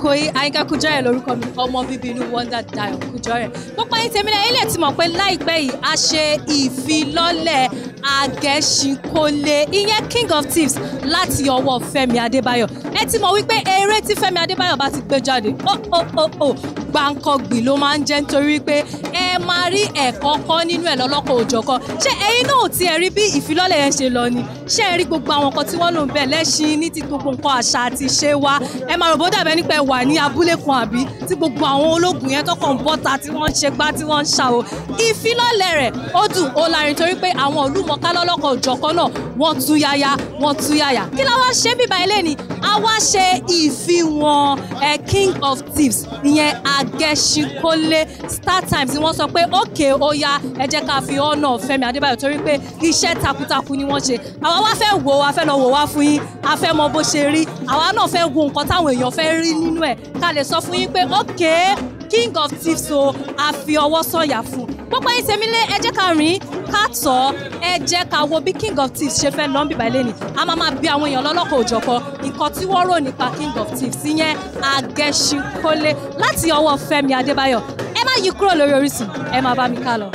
Okoye Ayinka Kujore lórúkọ mi ọmọ bíbí inú Wonder Dayo Kujore pọpọ yín tèmi náà ilé tí mọ̀ pé láìpẹ́ yìí a ṣe ìfilọ́lẹ̀ Àgẹ̀ṣinkólé ìyẹn King of Thieves láti ọwọ́ Fẹ́mi Adébáyọ̀ ẹ ti mọ̀ wípé eré tí Fẹ́mi Adébáyọ̀ bá ti gbé jáde ó ó ó ó gbàǹkọ̀gbì ló máa ń jẹ́ nítorí pé ẹ máa rí ẹ̀kọ́ kọ́ nínú ẹ̀ lọ́lọ́kọ̀ òjọ̀kọ ṣé ẹ̀yin náà ti ẹ̀ rí bí ìfilọ́lẹ̀ yẹn ṣe lọ ni ṣé ẹ rí gbogbo àwọn nǹkan tí wọ́n lò ń bẹ̀ lẹ́ṣin ní ti gbogbo nǹkan àṣà àti ṣe wa ẹ máa rògbò dàbẹ́ nípa ẹ̀ wà ní abúlé kan àbí tí gbogbo àwọn ológun yẹn tọkàn bọ́ta tí wọ́n ń ṣe gbá tí wọ́n ń ṣàwò ìfilọ́lẹ̀ rẹ̀ ó dùn ó lárin torí pé àwọn olùmọ̀ká lọ́lọ́kọ̀ òjọ̀kọ́ náà wọ́n tú yáyá wọ́n tú yáyá kí la wá ṣe bíbá ilé ni a wá ṣe ìfihàn king of thieves ìyẹn Agẹ́ṣinkólé Star Times ni wọ́n sọ pé òkè ó yá ẹ jẹ́ ká fi ọ̀nà Fẹ́mi Adébáyọ̀ torí pé iṣẹ́ takuntakun ni wọ́n ṣe àwa wá fẹ́ wò wá fẹ́ lọ wò wá fún yín a fẹ́ mọ bó ṣe rí àwa náà fẹ́ wo nǹkan táwọn èèyàn fẹ́ rí nínú ẹ̀ ká lè sọ fún yín pé òkè king of thieves o a fi ọwọ́ sọ̀yà fún gbogbo yín tèmi lé ẹ jẹ́ ká rìn ká tọ̀ ẹ jẹ́ ká wo bí king of thieves ṣe fẹ́ lọ́n bíbá ilé ni a máa máa bí àwọn èèyàn lọ́lọ́kọ̀ òjọ̀kọ nǹkan tí wọ́n rò nípa king of thieves ìyẹn Agẹ́ṣinkólé láti ọwọ́ Fẹ́mi Adébáyọ̀ ẹ má yí kúrò lórí Orísun ẹ má bá mi ká lọ.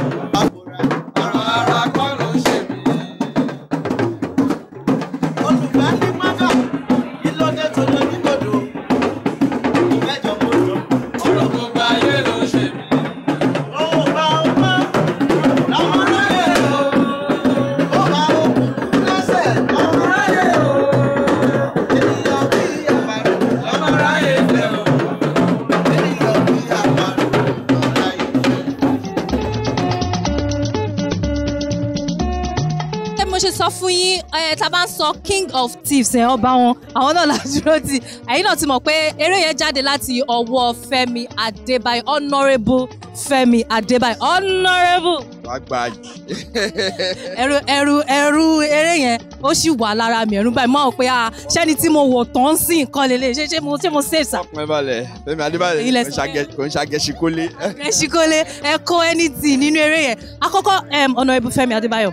sọ king of thieves ẹ̀ ọba wọn àwọn náà la dúró tì ẹ̀yin náà ti mọ̀ pé eré yẹn jáde láti ọwọ́ Fẹ́mi Adébáyọ̀ honourable Fẹ́mi Adébáyọ̀ honourable. agbájú. ẹrù ẹrù ẹrù eré yẹn ó sì wà lára mi ẹ̀rù báyìí mọ́ ọ pé a ṣẹ́ni tí mo wò tán sí nǹkan lélẹ̀ ṣé ṣé mo ṣé mo save sa. ọkùnrin balẹ̀ Fẹ́mi Adébáyọ̀ kò ń ṣàgẹ̀ṣikólé. ṣàgẹ̀ṣikólé ẹ̀kọ́ anything nínú eré yẹn akọ́kọ́ honourable Fẹ́mi Adébáyọ̀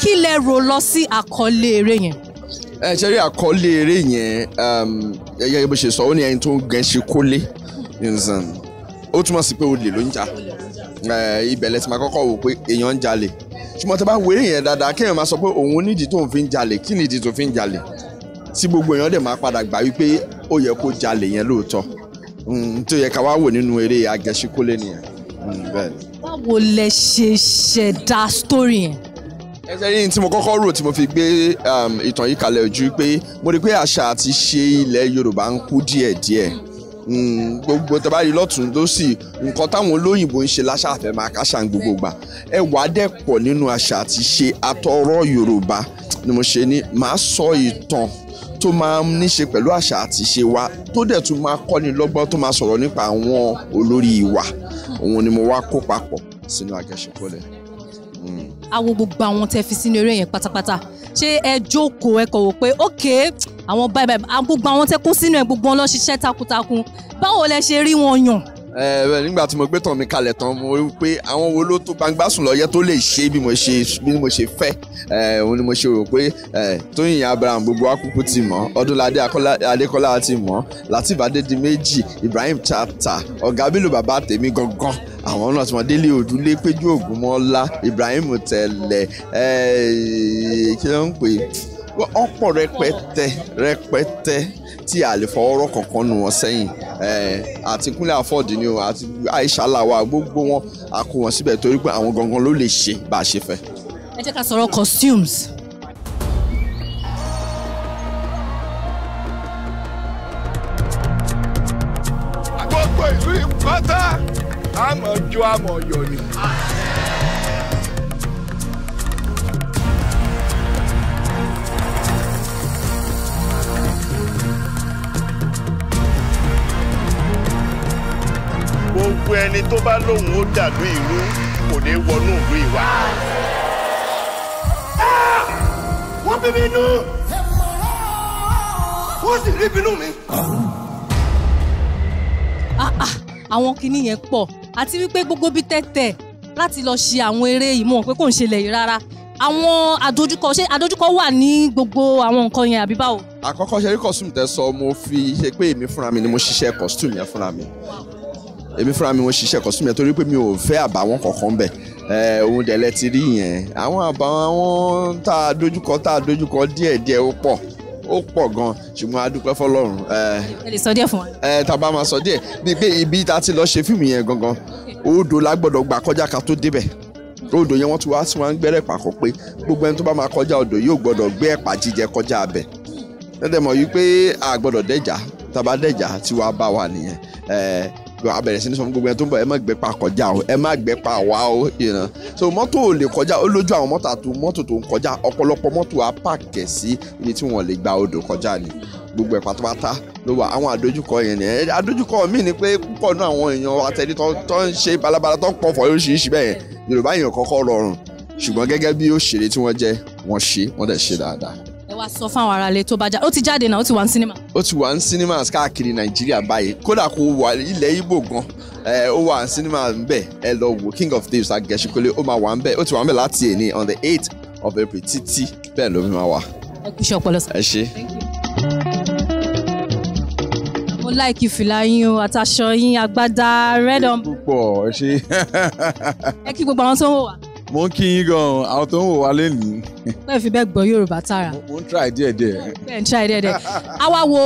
kí lẹ rò lọ sí àkọlé eré yẹn. ẹ ṣe rí àkọlé eré yẹn um, gẹ́gẹ́ bó ṣe sọ ó ní ẹni tó ń gẹ̀ ṣe kólé ó túmọ̀ sí pé olè ló ń jà ibẹ̀ lẹ́tì máa kọ́kọ́ wò pé èèyàn ń jalè ṣùgbọ́n tó bá wéré yẹn dáadáa kéèyàn máa sọ pé òun nídìí tó ń fi ń jalè kí nídìí tó fi ń jalè tí gbogbo èèyàn dẹ̀ máa padà gbà wípé ó yẹ kó jalè yẹn lóòótọ́ tó yẹ ká wá wò nínú eré agẹṣikólé nìyẹn báwo lẹ ṣe ṣẹ̀dá sítórì yẹn ẹsẹ̀ yìí tí mo kọ́kọ́ rò tí mo fi gbé um, ìtàn yìí kalẹ̀ ojú pé mo rí pé àṣà àti ṣe ilẹ̀ Yorùbá ń kú díẹ̀díẹ̀ hmm, gbogbo tẹ bá rí lọ́tún lọ́sì nǹkan táwọn olóyìnbó ń ṣe láṣà àfẹ́ máa káṣà ń gbogbo gbà ẹ wàá dẹ̀ pọ̀ nínú àṣà àti ṣe àtọ̀rọ̀ Yorùbá ni mo ṣe ní màá sọ ìtàn tó máa ń níṣe pẹ̀lú àṣà àti ṣe wa tó dẹ̀ tún máa kọ́ni lọ́gbọ́n tó máa sọ̀rọ̀ nípa àwọn olórí ìwà òun ni mo wá kó papọ̀ sínú àjọṣepọ̀ awo gbogbo àwọn tẹ́ fi sínú eré yẹn pátápátá ṣé ẹ jókòó ẹ kọ̀ wò pé ok àwọn báyìí báyìí gbogbo àwọn tẹ́ kó sínú ẹ gbogbo wọn lọ ṣiṣẹ́ takuntakun báwo lẹ ṣe rí wọn yàn ẹ nígbà tí mo gbé tàn mi kalẹ̀ tán mo rí pé àwọn wo ló tó gbangba sùn lọ́yẹ́ tó lè ṣe bí mo ṣe bí mo ṣe fẹ́ ẹ òun ni mo ṣe rò pé ẹ Tóyìn Abraham gbogbo akúkú ti mọ̀ Ọdúnládé Adékọ́lá ti mọ̀ Lateef Adédìméjì Ibrahim Chatta Ọ̀gá Bello bàbá tèmi gangan àwọn náà tí wọn délé òdúlé péjú Ògúnmọ́lá Ibrahim Tẹ̀lẹ̀ ẹ kí ló ń pè ọ̀pọ̀ rẹpẹtẹ rẹpẹtẹ tí a lè kankan nù wọn sẹ́yìn àti Kúnlé Afọ́ọ̀dì ni o àti Aisha Lawa gbogbo wọn a wọn síbẹ̀ torí pé àwọn gangan ló lè ṣe bá a ṣe fẹ́. ẹ jẹ́ ká sọ̀rọ̀ costumes. gbogbo ìlú ìpátá àmọ̀jọ àmọ̀yọ̀ ni. ẹni tó bá lóun ó dàlú ìlú kò ní wọnú ìlú ìwà. Ah! wọ́n bí mi nú wọ́n sì rí bínú mi. Ah, ah, àwọn kinní yẹn pọ̀ àti wípé gbogbo bíi tẹ́tẹ́ láti lọ ṣe àwọn eré ìmọ̀ pé kò ń ṣe lẹ̀ yìí rárá àwọn àdójúkọ ṣé àdójúkọ wà ní gbogbo àwọn nǹkan yẹn àbí báwo. àkọ́kọ́ ṣe rí costume tẹ sọ mo fi ṣe pé èmi fúnra mi ni mo ṣiṣẹ́ costume yẹn fúnra mi èmi fúnra mi wọn ṣiṣẹ́ kan sún mi torí pé mi ò fẹ́ àbàwọ́n kankan bẹ̀ ohun dẹ̀lẹ́ ti rí yẹn àwọn àbàwọ́n tá a dojúkọ tá a dojúkọ díẹ̀díẹ̀ ó pọ̀ ó pọ̀ gan ṣùgbọ́n a dúpẹ́ fọlọ́run. ẹ lè sọ díẹ̀ fún wa. ẹ tá bá máa sọ díẹ̀ bíi pé ibi tá a ti lọ ṣe fíìmù yẹn gangan odò la gbọ́dọ̀ gbà kọjá ká tó débẹ̀ odò yẹn wọ́n ti wá sí wọn gbẹ́rẹ́ pàkó pé gbogbo ẹni tó bá máa kọjá odò yóò gbọ́dọ̀ gbé ẹ̀pà jíjẹ kọjá abẹ lẹ́dẹ̀ mọ̀ abẹ̀rẹ̀ sí ní sọ fún gbogbo ẹ tó ń bọ̀ ẹ má gbẹ́ pa kọjá o ẹ má gbẹ́ pa wá o you know so mọ́tò ò lè kọjá ó lójú àwọn mọ́tò àti mọ́tò tó ń kọjá ọ̀pọ̀lọpọ̀ mọ́tò á pààkẹ́ sí ibi tí wọ́n lè gba odò kọjá ni gbogbo ẹ̀ pátápátá ló wà àwọn àdójúkọ yẹn ni àdójúkọ mi ni pé púpọ̀ náà àwọn èèyàn àtẹni tó ń ṣe balabala tó ń pọ̀fọ̀ oríṣiríṣi bẹ́ẹ̀ Yorùbá èèyàn kọ́kọ́ rọrùn ṣùgbọ́n gẹ́gẹ́ bí òṣèré tí wọ́n jẹ́ wọ́n ṣe wọ́n dẹ̀ ṣe wá sọ fáwọn aráalé tó bá já ó ti jáde náà ó ti wà ní sinima. ó ti wà ní sinima káàkiri nàìjíríà báyìí kódà kó wà ilẹ̀ ibo gan ó wà ní sinima ńbẹ ẹ lọ wo king of thieves agẹṣinkole ó máa wà ńbẹ ó ti wà ńbẹ láti èní on the eight of april títí bẹ́ẹ̀ ló fi máa wà. ẹ kú iṣẹ́ sọ. ẹ ṣe. mo láìkí fìlà yín o àtàṣọ yín agbádá rẹ́dọ̀m. púpọ̀ ẹ ṣe. ẹ kí gbogbo àwọn tó ń wò wá mo ń kí yín gan àwọn tó ń wò wá lẹ́nu. bẹ́ẹ̀ fi bẹ́ẹ̀ gbọ́ yorùbá tààrà. mo ń try díẹ̀ díẹ̀. bẹ́ẹ̀ ń try díẹ̀ díẹ̀. àwa wo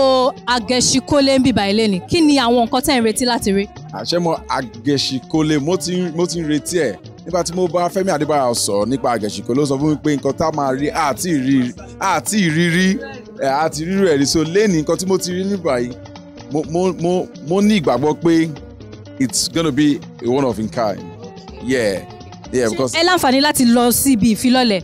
agẹṣikólé ń bìbà ilé ni kí ni àwọn nǹkan tẹ́ ń retí láti rí. àṣẹ agẹṣikólé mo ti ń retí ẹ nígbà tí mo bá Fẹ́mi Adébáyọ̀ sọ nípa agẹṣikólé ó sọ fún mi pé nǹkan tá a máa rí àti ìrírí àti rírú ẹ̀rí so lẹ́ni nǹkan tí mo ti rí ní báyìí mo ní ìgbàgbọ́ pé it's gonna be a one of a kind yeah yeah because. ẹ láǹfààní láti lọ síbi ìfilọ́lẹ̀.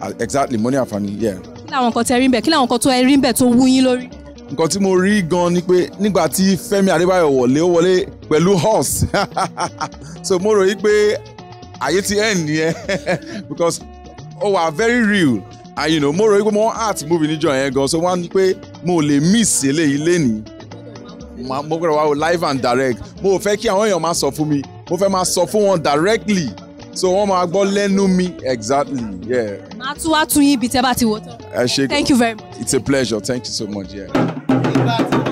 Ah, exactly mo ní àǹfààní yeah. kí làwọn nǹkan tẹ rí bẹ́ẹ̀ kí làwọn nǹkan tó ẹ rí bẹ́ẹ̀ tó wú yín lórí. nǹkan tí mo rí gan ni pé nígbà tí Fẹ́mi Adébáyọ̀ wọlé ó wọlé pẹ̀lú horse so mo rò yí pé ayé ti end nìyẹn because ó wà very real and you know mo rò yí pé mo art movie níjọ yẹn gan so wọ́n á pé mo lè miss eléyìí lénìí mo gbọ́dọ̀ wá live and direct mo fẹ́ kí àwọn èèyàn máa sọ fún mi mo fẹ́ máa sọ fún wọn directly so wọ́n máa gbọ́ lẹ́nu mi exactly yeah. màá tún wá tún yín ibi tẹ́ bá ti wò ẹ ṣé gan thank you very much. it's a pleasure thank you so much. Yeah.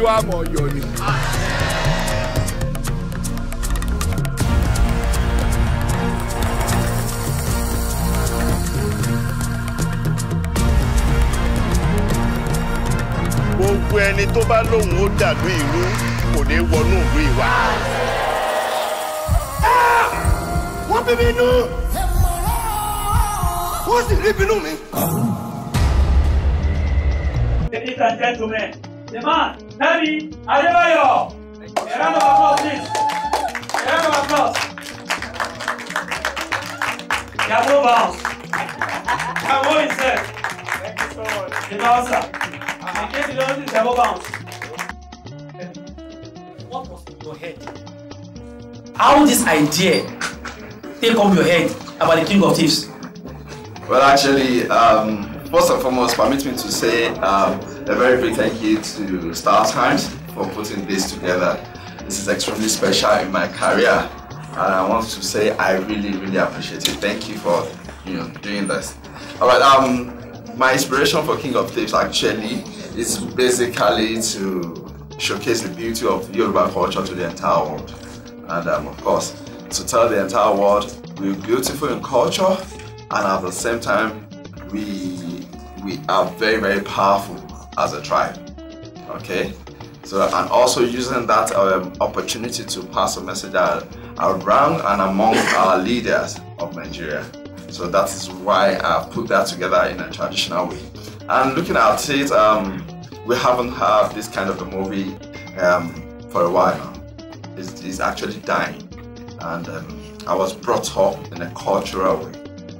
ijó àmọ̀ ọ̀yọ́ ni. gbogbo ẹni tó bá lóun ó dàlú ìlú kò ní wọnú ìlú ìwà. wọ́n bí mi nú wọ́n sì rí bínú mi. Ladies and gentlemen, the man Nabi Adebayo. A round of applause, please. A round of applause. Camo bounce. Camo himself. Thank you so much. The bouncer. In case you don't know, Camo bounce. What was in your head? How this idea take up your head about the king of thieves? Well, actually, um, first and foremost, permit me to say um, a very big thank you to Star Times for putting this together. This is extremely special in my career and I want to say I really, really appreciate it. Thank you for you know doing this. Alright, um my inspiration for King of Thieves actually is basically to showcase the beauty of Yoruba culture to the entire world. And um, of course, to tell the entire world we're beautiful in culture and at the same time we we are very very powerful as a tribe. Okay? So, and also using that um, opportunity to pass a message around and among our leaders of Nigeria. So that is why I put that together in a traditional way. And looking at it, um, we haven't had this kind of a movie um, for a while now. It's, it's actually dying. And um, I was brought up in a cultural way.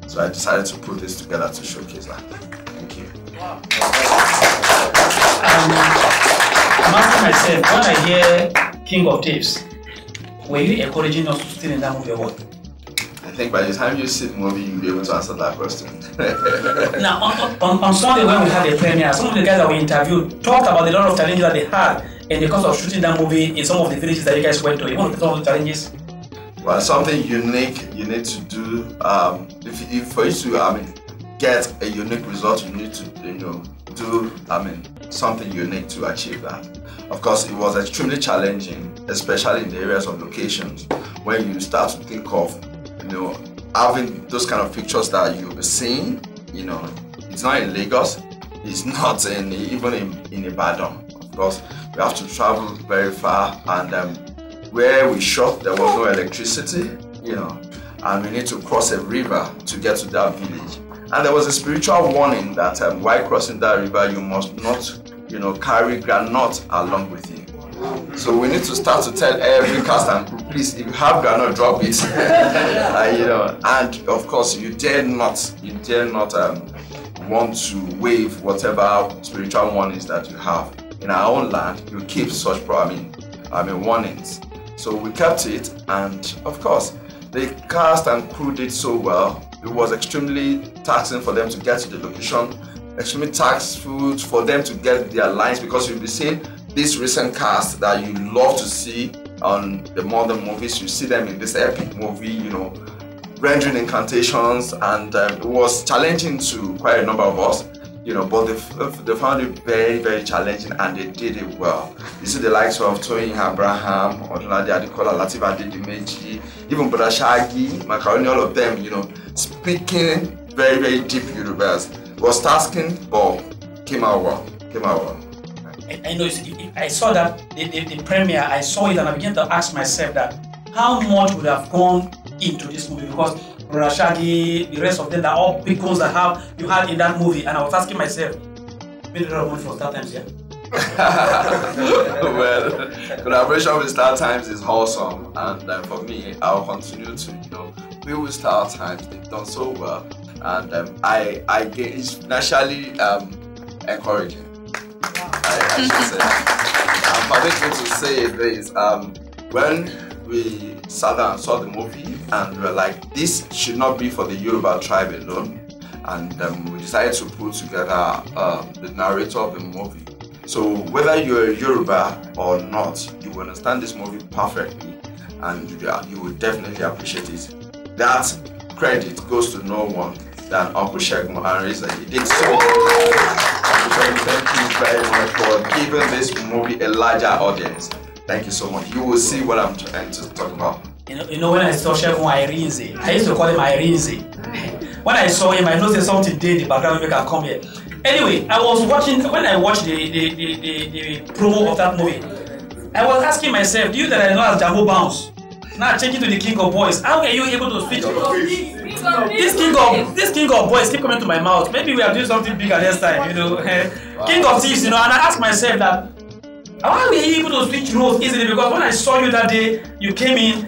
So I decided to put this together to showcase that. Thank you. Wow um, I'm asking myself, when I hear King of Tapes, were you encouraging us to steal in that movie what? I think by the time you see the movie, you'll be able to answer that question. now, on, on, on, Sunday when we had the premiere, some of the guys that we interviewed talked about the lot of challenges that they had in the course of shooting that movie in some of the villages that you guys went to. You want to some of the challenges? Well, something unique you need to do. Um, if, if for you to, I mean, get a unique result, you need to, you know, do, I mean, something unique to achieve that. Of course, it was extremely challenging, especially in the areas of locations, where you start to think of, you know, having those kind of pictures that you'll be seeing, you know, it's not in Lagos, it's not in even in, in Ibadan. Of course, we have to travel very far, and um, where we shot, there was no electricity, you know, and we need to cross a river to get to that village. And there was a spiritual warning that um, while crossing that river, you must not, you know, carry granite along with you. So we need to start to tell every cast and crew, please, if you have granite, drop it. you know, and of course, you dare not, you dare not um, want to waive whatever spiritual warnings that you have. In our own land, you keep such, I mean, I mean, warnings. So we kept it, and of course, the cast and crew did so well it was extremely taxing for them to get to the location, extremely taxing for them to get their lines because you'll be seeing these recent cast that you love to see on the modern movies. You see them in this epic movie, you know, rendering incantations, and um, it was challenging to quite a number of us, you know, but they, they found it very, very challenging and they did it well. You see the likes of Toyin Abraham, Odunade Adikola, Latif Adedumeji, even Brother Shaggy, Macaroni, all of them, you know, speaking very, very deep universe. was asking for Kimawa. Kimawa. I, I know, I saw that, the, the, the premiere, I saw it and I began to ask myself that how much would have gone into this movie because Rashagi, the rest of them, are all pickles that have you had in that movie, and I was asking myself, made a lot of money Star Times, yeah. well, collaboration with Star Times is wholesome, and uh, for me, I'll continue to you know Wheels our Times, they've done so well. And um, I, I get, it's naturally um, encouraging. Wow. I, I should say. and um, to say this, um, when we sat down and saw the movie and we were like, this should not be for the Yoruba tribe alone. And um, we decided to put together um, the narrator of the movie. So whether you're a Yoruba or not, you will understand this movie perfectly and you, you will definitely appreciate it that credit goes to no one than Uncle Sheikh Moharis he did so. thank you very much for giving this movie a larger audience. Thank you so much. You will see what I'm trying to talk about. You know, you know when I saw Chef Moharis, I used to call him Irinze. When I saw him, I noticed something did in the background make him come here. Anyway, I was watching, when I watched the, the, the, the, the promo of that movie, I was asking myself, do you that I know as Jambo Bounce? Now changing to the king of boys. How are you able to speak? This king of this king of boys keep coming to my mouth. Maybe we are doing something bigger next time, you know. king of thieves, you know. And I ask myself that how were you able to switch roles easily? Because when I saw you that day, you came in.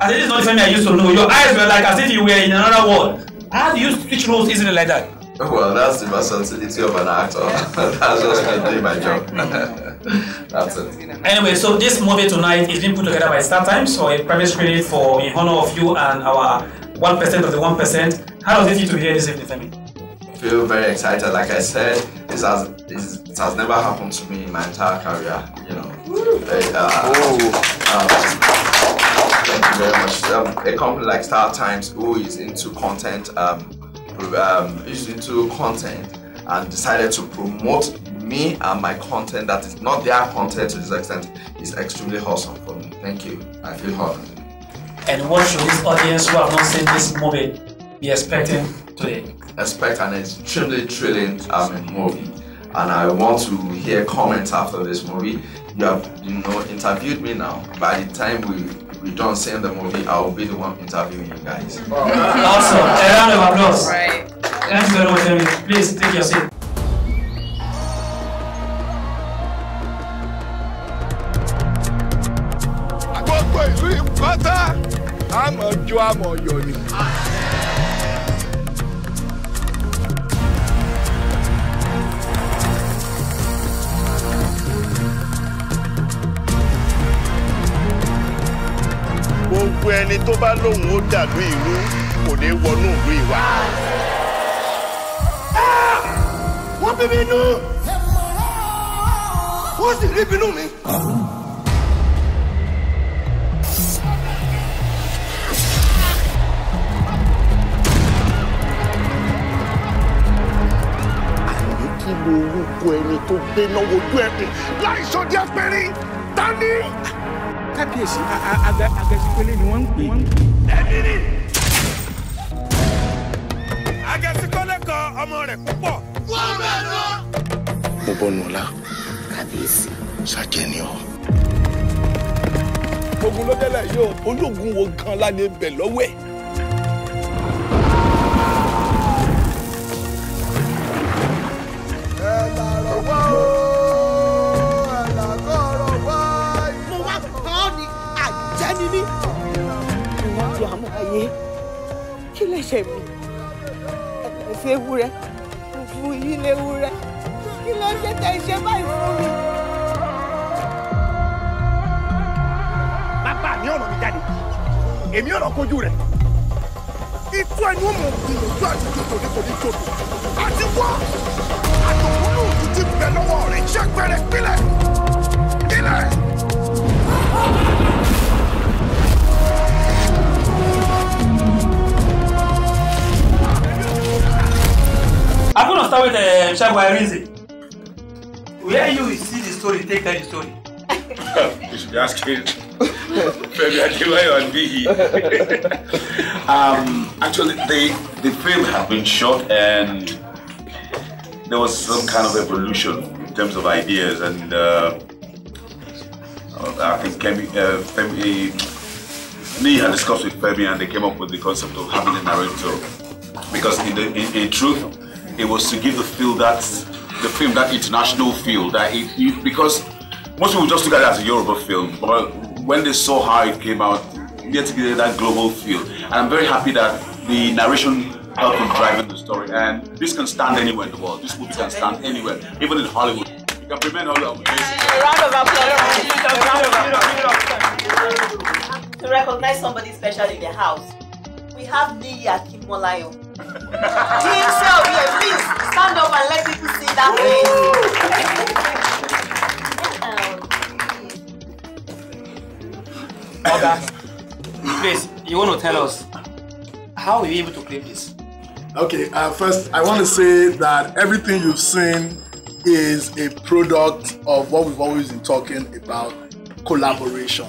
As this is not the family I used to know. Your eyes were like as if you were in another world. How do you switch roles easily like that? Well, that's the versatility of an actor. that's just me doing my job. That's it. Anyway, so this movie tonight is being put together by Star Times for a private screening for in honor of you and our one percent of the one percent. How does it feel to hear this evening, Femi? Feel very excited. Like I said, this has this, this has never happened to me in my entire career. You know. Uh, um, thank you very much. Um, a company like Star Times, who is into content, um, um, is into content, and decided to promote me and my content that is not their content to this extent is extremely wholesome for me. Thank you. I feel honored. And what should this audience who have not seen this movie be expecting today? Expect an extremely thrilling um, movie. And I want to hear comments after this movie. You have, you know, interviewed me now. By the time we we don't see the movie, I will be the one interviewing you guys. awesome. A round of applause. Right. Thanks very much, Please take your seat. ìlú ìpátá àmọ̀ jó àmọ̀ yọ̀ ni. gbogbo ẹni tó bá lóun ó dàlú ìlú kò ní wọnú ìlú ìwà. Ah! wọ́n bí mi nú wọ́n sì rí bínú mi. lórúkọ ẹni tó gbé náwó ojú ẹkùn láì sọ díẹ̀ péré kábíyèsí agẹsípélé ni wọ́n ń pè é. ẹbí ni agẹsíkọ́lé kan ọmọ rẹ̀ púpọ̀. wọ́n bẹ̀ lọ. mo bọ́ nùlá. kábíyèsí. sàjẹ́ ni ọ ogun lọ́dẹ́lẹ̀ yìí o ológun wo gan-an lálẹ́ bẹ̀ lọ́wọ́ ẹ̀. ni mí ìwọ́n ti àmọ́ ayé kí lẹ́sẹ̀ mi ẹ̀sẹ̀ ewúrẹ́ fún yín léwúrẹ́ kí ló ṣe tẹ̀ ṣe báyìí fún mi. bàbá mi ọ̀rọ̀ mi jáde èmi ọ̀rọ̀ kojú rẹ̀ ikú ẹni ó mọ̀ gbìyànjú àti tòtò ní kò ní tòtò àti wọ́ àtòkúlù òtútù bẹ̀ lọ́wọ́ rẹ̀ ṣẹ́pẹ̀rẹ̀ pílẹ̀ pílẹ̀. going to start with uh, eh, Shagwarinze. Where you see the story, take that story. you should be asking Maybe I Femi Adebayo and me. um, actually, the, the film had been shot and there was some kind of evolution in terms of ideas and uh, uh, I think Kemi, uh, Femi, me and discussed with Femi and they came up with the concept of having a narrator because in, the, in, in truth, it was to give the feel that the film that international feel that it, it, because most people just look at it as a Yoruba film, but when they saw how it came out, they had to that global feel. And I'm very happy that the narration helped in driving the story. And this can stand anywhere in the world. This movie can stand anywhere, even in Hollywood. You can prevent all of this. To recognize somebody special in the house we have the Akimolayo. he himself please stand up and let people see that face. Oga, please, you want to tell us how were you able to claim this? Okay, uh, first, I want to say that everything you've seen is a product of what we've always been talking about collaboration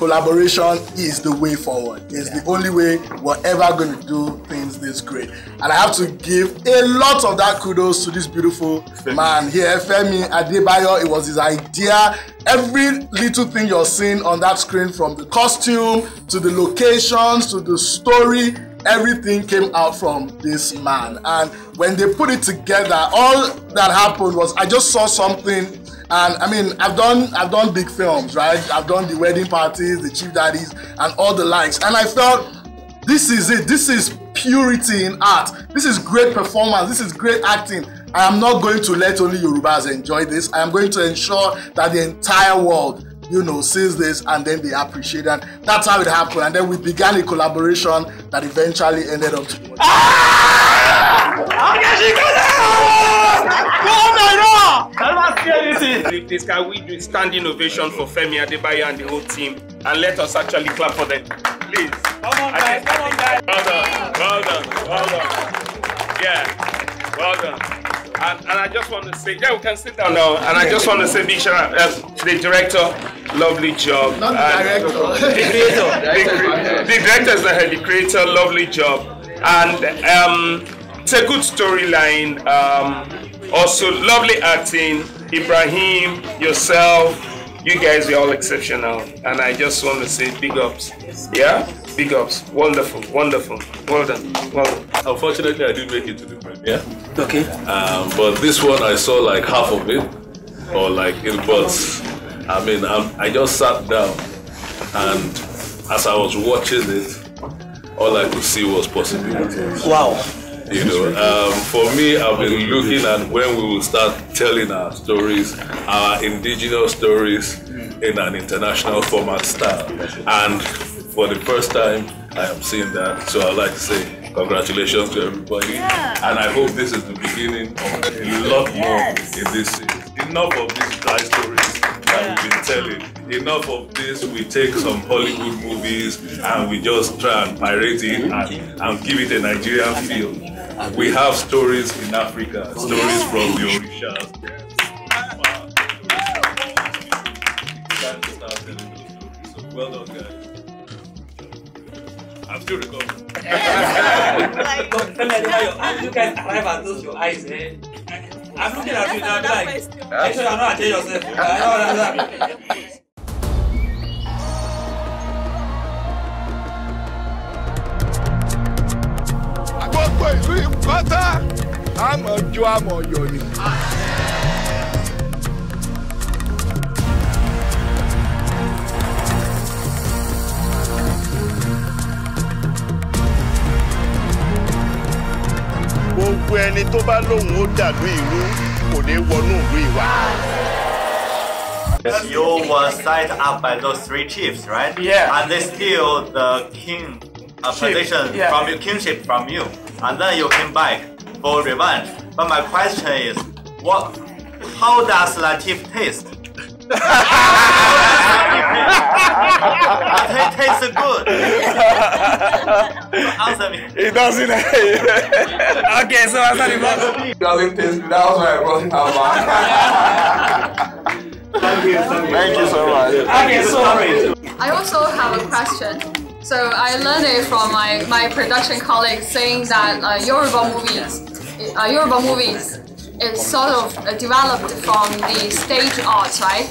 collaboration is the way forward. It's yeah. the only way we're ever going to do things this great. And I have to give a lot of that kudos to this beautiful Femi. man here, Femi Adebayo. It was his idea. Every little thing you're seeing on that screen, from the costume to the locations to the story, everything came out from this man. And when they put it together, all that happened was I just saw something and I mean I've done I've done big films, right? I've done the wedding parties, the chief daddies, and all the likes. And I felt this is it. This is purity in art. This is great performance. This is great acting. I am not going to let only Yorubas enjoy this. I am going to ensure that the entire world you know, sees this and then they appreciate that. that's how it happened. And then we began a collaboration that eventually ended up to With this guy, we do standing ovation for Femi Adebayo and the whole team, and let us actually clap for them, please. Come on, guys! Come on, guys! Well done, well done, well done. Yeah, well done. And, and, I just want to say, yeah, we can sit down now. And I just want to say, big shout uh, out to the director. Lovely job. Not the director. the creator. The, the, director is the creator. Lovely job. And um, it's a good storyline. Um, also, lovely acting. Ibrahim, yourself, you guys are all exceptional. And I just want to say big ups. Yeah? Big ups. Wonderful, wonderful. Well done. Well done. Unfortunately, I didn't make it to the premiere. Okay. Um, but this one I saw like half of it, or like in parts. I mean, I'm, i just sat down, and as I was watching it, all I could see was possibilities. Wow. You know, um, for me, I've been looking at when we will start telling our stories, our indigenous stories, in an international format style. And for the first time, I am seeing that. So I'd like to say Congratulations to everybody. Yeah. And I hope this is the beginning of a lot yes. more in this series. Enough of these dry stories that yeah. we've been telling. Enough of this. We take some Hollywood movies and we just try and pirate it and, and give it a Nigerian feel. We have stories in Africa, stories from the Orishas. Well done, guys. I'm still recovering. like, but tell me, you, you can arrive at those your eyes, eh? I'm looking at you now, like, make sure you're not at yourself. I know that. I'm ìlú ìpátá àmọ̀jọ àmọ̀yọ̀ ni. gbogbo ẹni tó bá lóun ó dàlú ìlú kò ní wọnú ìlú ìwà. You were signed up by those three chiefs, right? Yeah. And they steal the king uh, position yeah. from you, kingship from you, and then you came back for revenge. But my question is, what? How does Latif taste? it tastes eh? good. answer me. It doesn't. okay, so answer the bottle. It doesn't taste good. That was why I brought it out. Thank you, Thank you so much. Okay, sorry. I also have a question. So I learned it from my, my production colleague saying that uh, Yoruba movies, uh, Yoruba movies, is sort of developed from the stage arts, right?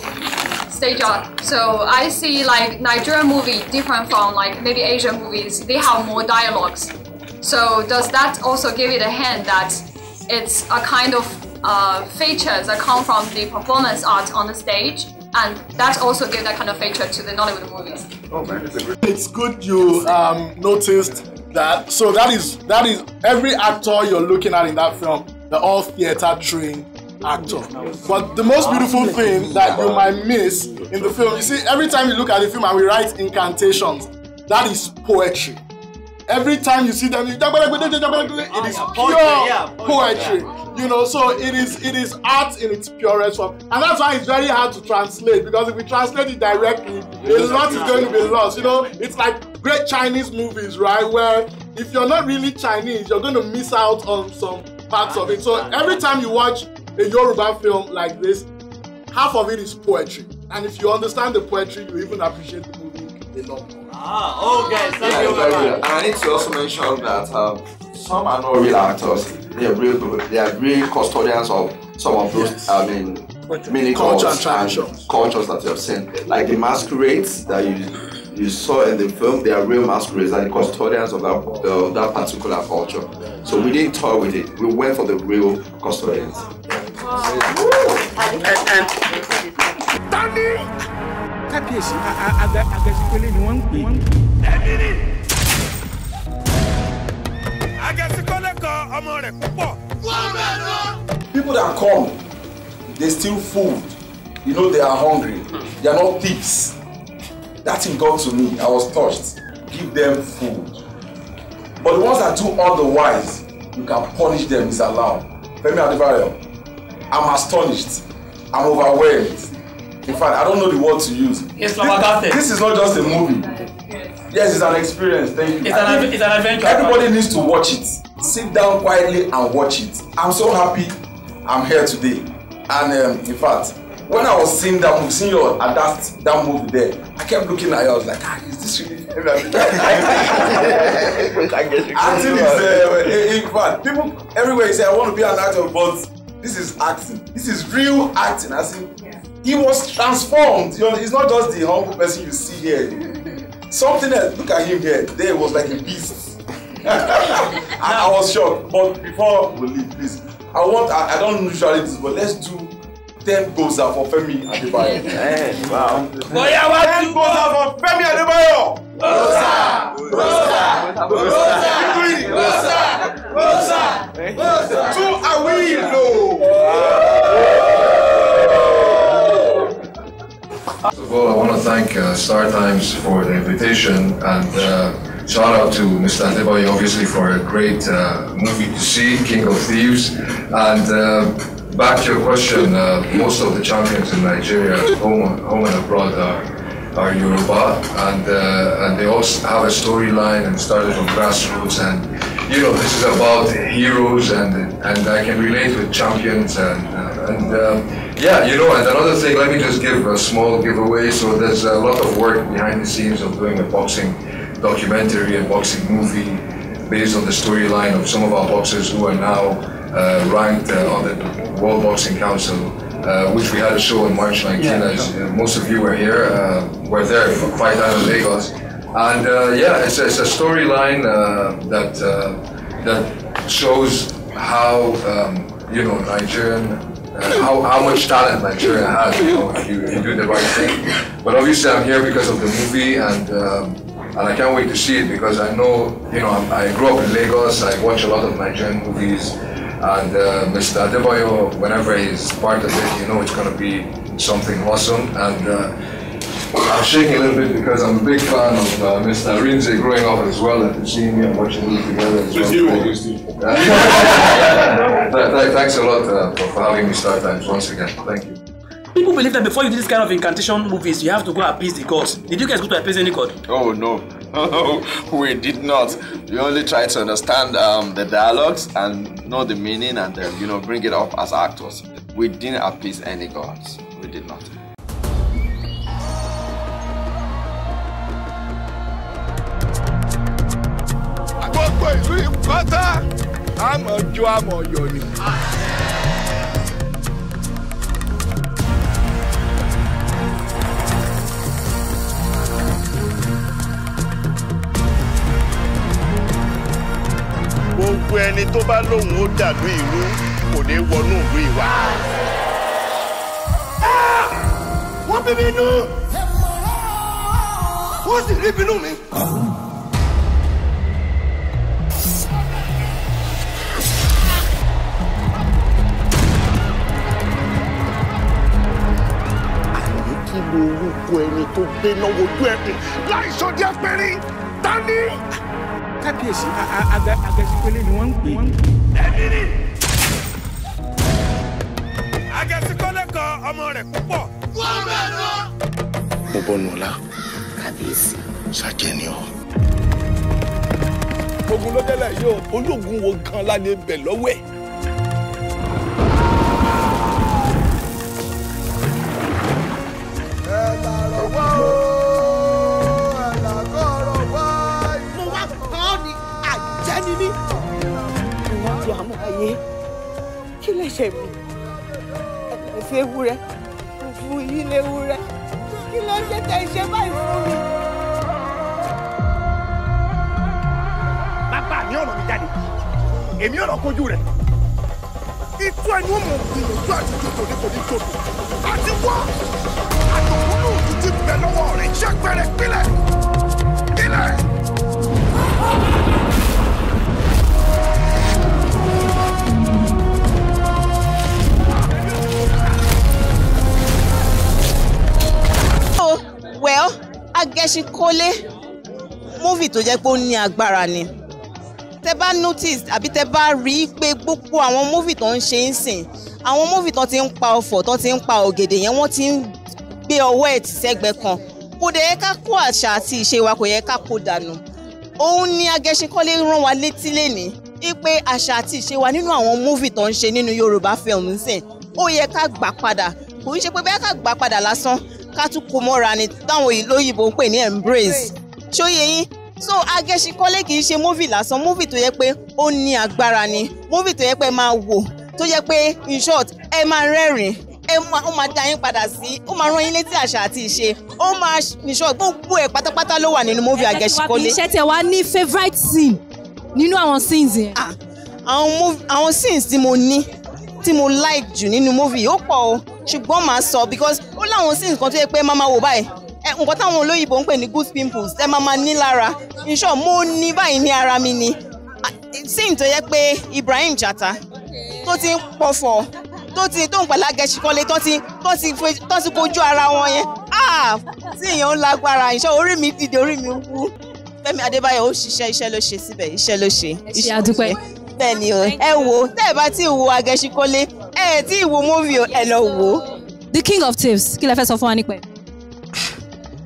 stage art. So I see like Nigerian movie different from like maybe Asian movies. They have more dialogues. So does that also give it a hint that it's a kind of uh, features that come from the performance art on the stage? and that also give that kind of feature to the Nollywood movies. Oh man, it's, it's good you um, noticed that. So that is that is every actor you're looking at in that film. They're all theater trained actor. But the most beautiful thing that you might miss in the film, you see, every time you look at the film and we write incantations, that is poetry. Every time you see them, it is pure poetry you know so it is it is art in its purest form and that's why it's very hard to translate because if we translate it directly a lot is going to be lost you know it's like great chinese movies right where if you're not really chinese you're going to miss out on some parts of it so every time you watch a Yoruba film like this, half of it is poetry. And if you understand the poetry, you even appreciate the movie a lot more. Ah, okay, thank yeah, you very much. And I need to also mention that um, some are not real actors. They are real, they are real custodians of some of those, yes. I mean, culture and cultures that you have seen. Like the masquerades that you you saw in the film, they are real masquerades and custodians of that, uh, that particular culture. So we didn't toy with it. We went for the real custodians. tani. kábíyèsí agasipele ni wọ́n ń pè é. ẹ̀mí ni agasikole kọ ọmọ rẹ̀ púpọ̀. wọ́n bẹ̀ lọ. people that come they steal food you know they are hungry they are not thieves that thing got to me i was touched give them food but the ones that do otherwise you can punish them is allowed Femi Adebayo I'm astonished. I'm overwhelmed. In fact, I don't know the word to use. Yes, this, this is not just a movie. Yes, it's an experience. Thank you. It's, an, mean, it's an adventure. Everybody needs to watch it. Sit down quietly and watch it. I'm so happy I'm here today. And um, in fact, when I was seeing that movie, seeing your uh, adapt that movie there, I kept looking at you. I was like, ah, is this really? Until it's uh, in fact, people everywhere say I want to be an actor, but this is acting this is real acting as in yeah. he was transformed you know he's not just the humble person you see here something else look at him here there was like a beast and I was shocked but before we leave please I want I, I don't usually do this but let's do ten goals are for Femi Adebayo. Eh, goals are for Femi Adebayo. Rosa! Rosa! Rosa! Rosa! Rosa! Rosa! Two First of all, I want to thank uh, Star Times for the invitation and uh, shout out to Mr. Adebayo obviously for a great uh, movie to see, King of Thieves. And uh, back to your question, uh, most of the champions in Nigeria, home, home and abroad, are, are Yoruba, and uh, and they all have a storyline and started from grassroots. And you know, this is about heroes, and and I can relate with champions, and uh, and um, yeah, you know. And another thing, let me just give a small giveaway. So there's a lot of work behind the scenes of doing a boxing documentary a boxing movie based on the storyline of some of our boxers who are now. Uh, ranked uh, on the World Boxing Council, uh, which we had a show in March 19, yeah, as most of you were here, were there for quite out of Lagos. And yeah, it's, it's a storyline that, that shows how, um, you know, Nigerian uh, how, how much talent Nigeria has, you know, if you, if you do the right thing. But obviously I'm here because of the movie and um, and I can't wait to see it because I know, you know, I'm, i grew up in Lagos, I watch a lot of Nigerian movies, and uh, Mr. Adebayo, whenever he's part of it, you know it's going to be something awesome. And uh, I'm shaking a little bit because I'm a big fan of uh, Mr. Rinze growing up as well, and seeing me and watching him together. As well. you, obviously. thanks a lot uh, for having me start times once again. Thank you. People believe that before you do this kind of incantation movies, you have to go appease the gods. Did you guys go to appease any god? Oh, no no, we did not. We only tried to understand um, the dialogues and know the meaning and then, you know, bring it up as actors. We didn't appease any gods. We did not. gbogbo ẹni tó bá lóun ó dàlú ìlú kò ní wọnú ìlú ìwà. Ah! wọ́n bí mi nú wọ́n sì rí bínú mi. orúkọ ẹni tó gbé náwó ojú ẹkùn láìsọdí apẹrin ta ni kábíyèsí agẹsípele ni wọ́n ń pè. ẹbí ni agẹsípele kan ọmọ rẹ̀ púpọ̀. wọ́n bẹ̀ lọ. mo bọ́ nù la. kábíyèsí. sàjẹ́ ọ. ogun lọ́dẹ́lẹ̀ yìí o ológun wo gan-an lálẹ́ bẹ̀ lọ́wọ́ ẹ̀. ṣẹ̀ṣẹ̀ mi ẹ fi ewúrẹ́ fún yín léwúrẹ́ kí ló ṣe tẹ ṣe báyìí fún mi. bàbá mi ọ̀rọ̀ mi jáde èmi ọ̀rọ̀ kojú rẹ̀ itú ẹnu mọ̀ gbìyànjú àti jòjò ní kò ní àti wọ́ àtòkúnú òtútù bẹ̀ lọ́wọ́ rẹ̀ ṣẹ́gbẹ̀rẹ̀ pílẹ̀. Agẹṣinkólé múvì tó jẹ́ pé ó ní agbára ni tẹ bá notice àbí tẹ bá rí i pé gbogbo àwọn múvì tó ń ṣe ń sìn àwọn múvì tó ti ń pa ọ̀fọ̀ tó ti ń pa ògèdè yẹn wọ́n ti ń gbé ọwọ́ ẹ̀ tì sẹ́gbẹ́ kan kò dẹ̀ yẹ ká kó àṣà àti ìṣe wa kò yẹ ká kó dànù òun ni Agẹṣinkólé rán wa létí lénìí wípé àṣà àti ìṣe wa nínú àwọn múvì tó ń ṣe nínú Yorùbá film sìn ó yẹ ká gbà padà kò ń ṣe pé bẹ́ẹ̀ ká gbà padà lásán ká tún kó mọ́ra ni táwọn olóyìnbó ń pè ní embrace ṣóyè yín so Agẹṣinkọ́lé kì í ṣe móvì lásán móvì tó yẹ pé ó ní agbára ni móvì tó yẹ pé máa wò tó yẹ pé in short ẹ máa rẹ́rìn ẹ ó máa dá yín padà sí ó máa rán yín létí àṣà àti ìṣe ó máa in short gbogbo ẹ pátápátá ló wà nínú móvì Agẹṣinkọ́lé. ẹ ṣe tẹ wá ní favourite scene nínú àwọn scenes yẹn. Ah, àwọn scenes tí mo ní tí mo like jù nínú movie ó pọ̀ o ṣùgbọ́n màá sọ because ó láwọn sí nǹkan tó yẹ pé máma wò báyìí ẹ nǹkan táwọn olóyìnbó ń pè ní good pimples ẹ máma ní lára in short mo ní báyìí ní ara mi ni sin tó yẹ pé Ibrahim Chata tó ti ń pọ̀fọ̀ tó ti tó ń pàlágẹ ṣìkọ́lé tó ti tó ti tó ti kojú ara wọn yẹn ah tí èèyàn ń lágbára ìṣọ́ orí mi dìde orí mi wú Fẹ́mi Adébáyọ̀ ó ṣiṣẹ́ iṣẹ́ ló ṣe síbẹ̀ iṣẹ́ ló ṣe. ẹ ṣe àdúpẹ́ bẹ́ẹ̀ ni o ẹ wo tẹ́ ẹ bá ti wo Agẹṣinkólé ẹ ẹ wo múvi o ẹ lọ wò the king of tips. kí lẹ fẹ́ sọ fún wa nípa ẹ̀.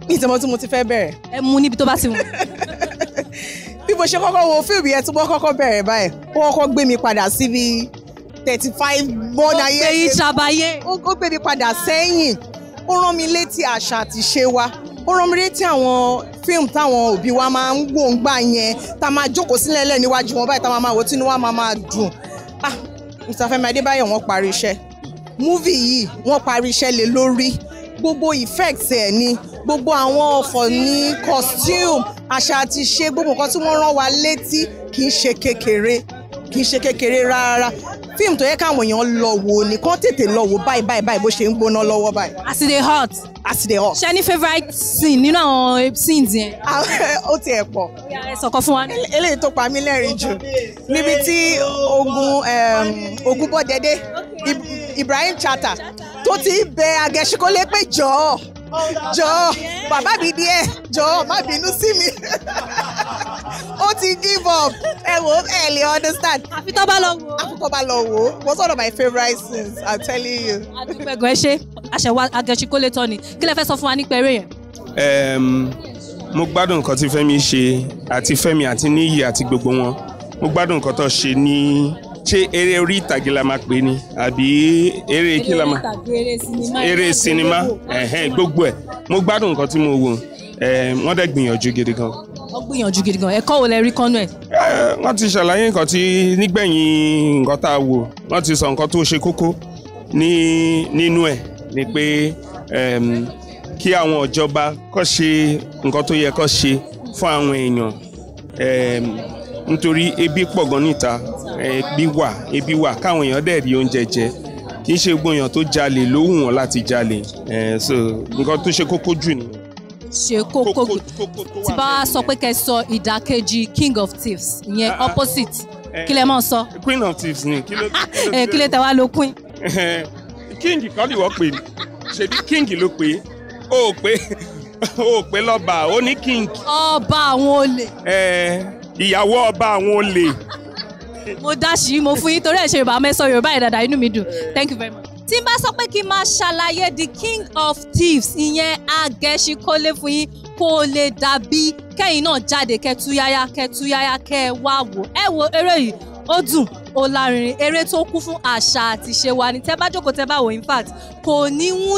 mi ìtàn mọ́ tí mo ti fẹ́ bẹ̀rẹ̀. ẹ mú níbi tó bá ti wù. bí mo ṣe kọ́kọ́ wo fíìmù yẹn tí wọ́n kọ́kọ́ bẹ̀rẹ̀ báyìí wọ́n kọ́kọ́ gbé mi padà síbi thirty five bọ́ọ̀dà yẹn. ó gbé mi padà sẹ́yìn ó rán mi létí àṣà àti ṣe wa ó rán mi létí àwọn fíìmù táwọn òbí wa máa ń wò ń gbà yẹn tá a máa jókòó sílẹ̀ lẹ́ níwájú wọn báyìí tá a máa wò tí inú wa máa máa dùn ah Adébáyọ̀ wọ́n parí iṣẹ́ múvì yìí wọ́n parí iṣẹ́ lé lórí gbogbo effects ẹ̀ ni gbogbo àwọn ọ̀fọ̀ ní costume àṣà àti ṣe gbogbo nǹkan tí wọ́n rán wa létí kì í ṣe kékeré kì í ṣe kékeré rárá fíìmù tó yẹ káwọn èèyàn lọ wò ni kán tètè lọ wò báyìí báyìí báyìí bó ṣe ń gbóná lọ́wọ́ báyìí. as e dey hot. as e dey hot. ṣe ní favourite scene nínú àwọn scenes yẹn. ó tiẹ̀ pọ̀. sọ̀kọ fún wa. eléyìí tó pa mí lẹ́rìn jù níbi tí ogun ogun bọ́dẹ̀dẹ̀ Ibrahim Chata tó ti bẹ Agẹṣinkólé pé jọ̀ọ́ jọ̀ọ́ bàbá mi díẹ̀ jọ̀ọ́ má bínú sí mi. ó ti give up ẹ wò ẹ lè understand. àfi tó bá lọ wò ó. àfi tó bá lọ wò was one of my favourite scenes i'm telling you. àdúgbẹ̀gàn ẹ ṣe àṣẹwà agẹ̀ṣikólé tán ni kí lẹ fẹ́ sọ fún wa nípa eré yẹn. mo gbádùn nǹkan tí Fẹ́mi ṣe àti Fẹ́mi àti Níyì àti gbogbo wọn mo gbádùn nǹkan tó ṣe ní ṣé eré orí ìtàgé la máa pè ní àbí eré kí la máa eré sinimá gbogbo ẹ mo gbádùn nǹkan tí mo wò wọ́n dẹ̀ gbìyànjú gidi gan ó gbìyànjú gidi gan ẹ̀kọ́ wo lẹ rí kọ́nú ẹ̀. Eh, wọ́n ti ṣàlàyé nǹkan tí nígbẹ̀yìn nǹkan tá a wò wọ́n ti sọ nǹkan tó ṣe kókó ní nínú ẹ̀ ni pé ehm, kí àwọn ìjọba kó ṣe nǹkan tó yẹ kó ṣe fún àwọn èèyàn ehm, nítorí ebi pọ̀ gan níta ebi wà ebi wà káwọn èèyàn dẹ̀ rí oúnjẹ jẹ kì í ṣe gbogbo tó jalè ló wù láti jalè eh, nǹkan tó ṣe kókó jù nìyẹn ṣe ah, kókó tí bá wá sọ pé kẹ́ sọ ìdàkejì king of thieves ìyẹn ah, ah, opposite eh, kí lẹ máa sọ. queen of thieves ni kí ló. kí ló eh, tẹ lo queen. Eh, king kọ́ lè wọ́ pé ṣebí king ló pé ó pé ó pé lọ́ba ó ní king. ọba àwọn olè. ìyàwó ọba àwọn olè. mo dáṣì mo fún yín torí ẹ̀ ṣe yorùbá mẹ́sàn-án yorùbá ẹ̀ dáadáa inú mi dùn thank you very much tí n bá sọ pé kí n máa ṣàlàyé the king of thieves ìyẹn agẹṣikólé fún yín kó lè dàbí kẹ́yìn náà jáde kẹtúyáyá kẹtúyáyá kẹ́ ẹ wá wò ẹ wo eré yìí ó dùn ó lárinrin eré tó kún fún àṣà àti wa ni tẹ́ bá jókòó tẹ́ bá wò in fact kò ní wù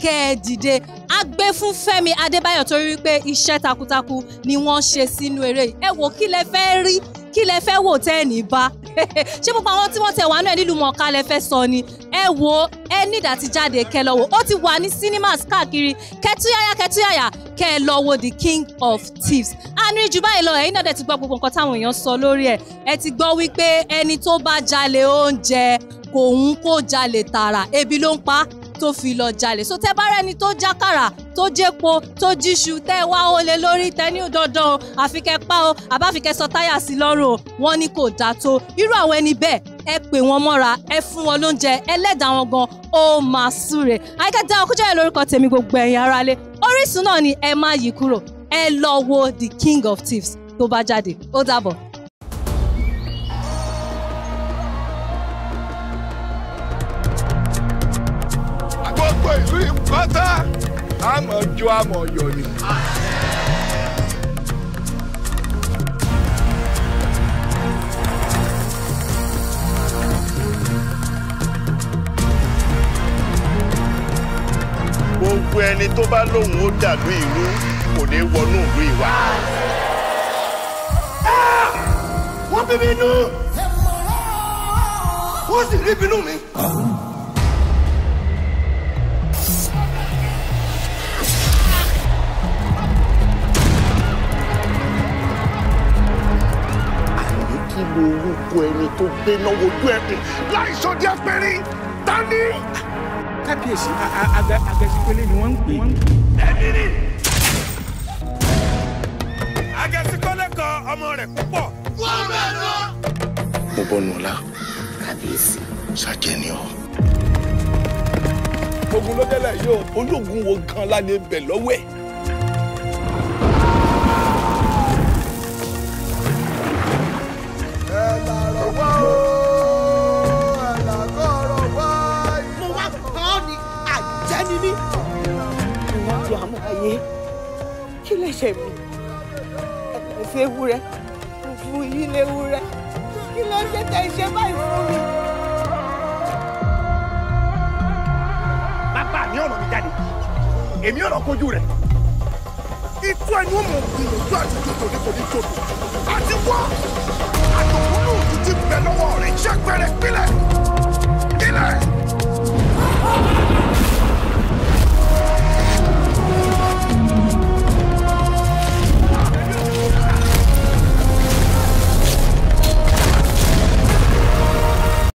kẹ́ ẹ dìde a gbé fún Fẹ́mi Adébáyọ̀ torí wípé iṣẹ́ takuntakun ni wọ́n ṣe sínú eré yìí ẹ wò kí lẹ fẹ́ rí kí lẹ fẹ́ wò tẹ́ ẹ̀ ní bá ṣé gbogbo àwọn tí wọ́n tẹ̀ wá náà nílùú mọ̀ọ́ká lẹ fẹ́ sọ ni ẹ wò ẹ nídà ti jáde kẹ́ lọ wò ó ti wà ní cinemas káàkiri kẹtúyàyà kẹtúyàyà kẹ́ ẹ lọ wo the king of thieves àní jù báyìí lọ ẹ̀yin náà dẹ̀ ti gbọ́ gbogbo nǹkan táwọn èèyàn sọ lórí ẹ̀ ẹ ti gbọ́ wípé ẹni tó bá jalè oúnjẹ kò ń kó jalè tààrà ebi ló ń pa tó fi lọ jalè so tẹ bá rẹni tó jákàrà tó jépo tó jíṣu tẹ wá ó lé lórí tẹni dandan o àfikẹ pa o àbáfikẹ sọ táyà sí lọ́rùn o wọ́n ní kò dáa tó irú àwọn ẹni bẹ́ẹ̀ ẹ pè wọ́n mọ́ra ẹ fún wọn lóúnjẹ ẹlẹ́dàá wọn gan ó máa súre àyíká dá ọkọ lórúkọ tèmi gbogbo ẹ̀yin aráalé Orísun náà ni ẹ má yí kúrò ẹ lọ wo The King of Thieves tó bá jáde ó dàbọ̀. pátá àmọ̀ jó àmọ̀ yọ̀ ni. gbogbo ẹni tó bá lóun ó dàlú ìlú kò ní wọnú ìlú ìwà. Ah! wọ́n bí mi wọ́n sì bínú mi. lórúkọ ẹni tó gbé náwó ojú ẹkùn láì sọdí apẹrin ta ni. kábíyèsí agẹsípele ni wọ́n ń pè. ẹni ni agẹsípele kan ọmọ rẹ̀ púpọ̀. wọ́n bẹ̀ lọ. mo bọ́ nùlá. kábíyèsí. sàjẹ́ ni ọ ogun yìí o ológun wo gan la lè bẹ̀ lọ́wọ́ ẹ̀. ṣe mí ẹ̀pẹ̀ sí fún yín léwúrẹ́ kí ló ṣe tẹ ìṣe báyìí fún mi. bàbá mi ọ̀rọ̀ mi jáde èmi ọ̀rọ̀ kojú rẹ̀ ikú ẹni ó mọ̀ gbìyànjú àti tòtò ní kò ní àti wọ́ àtòkúnú òtún ti bẹ̀ lọ́wọ́ rẹ̀ jẹ́ pẹ̀rẹ̀ pílẹ̀ pílẹ̀.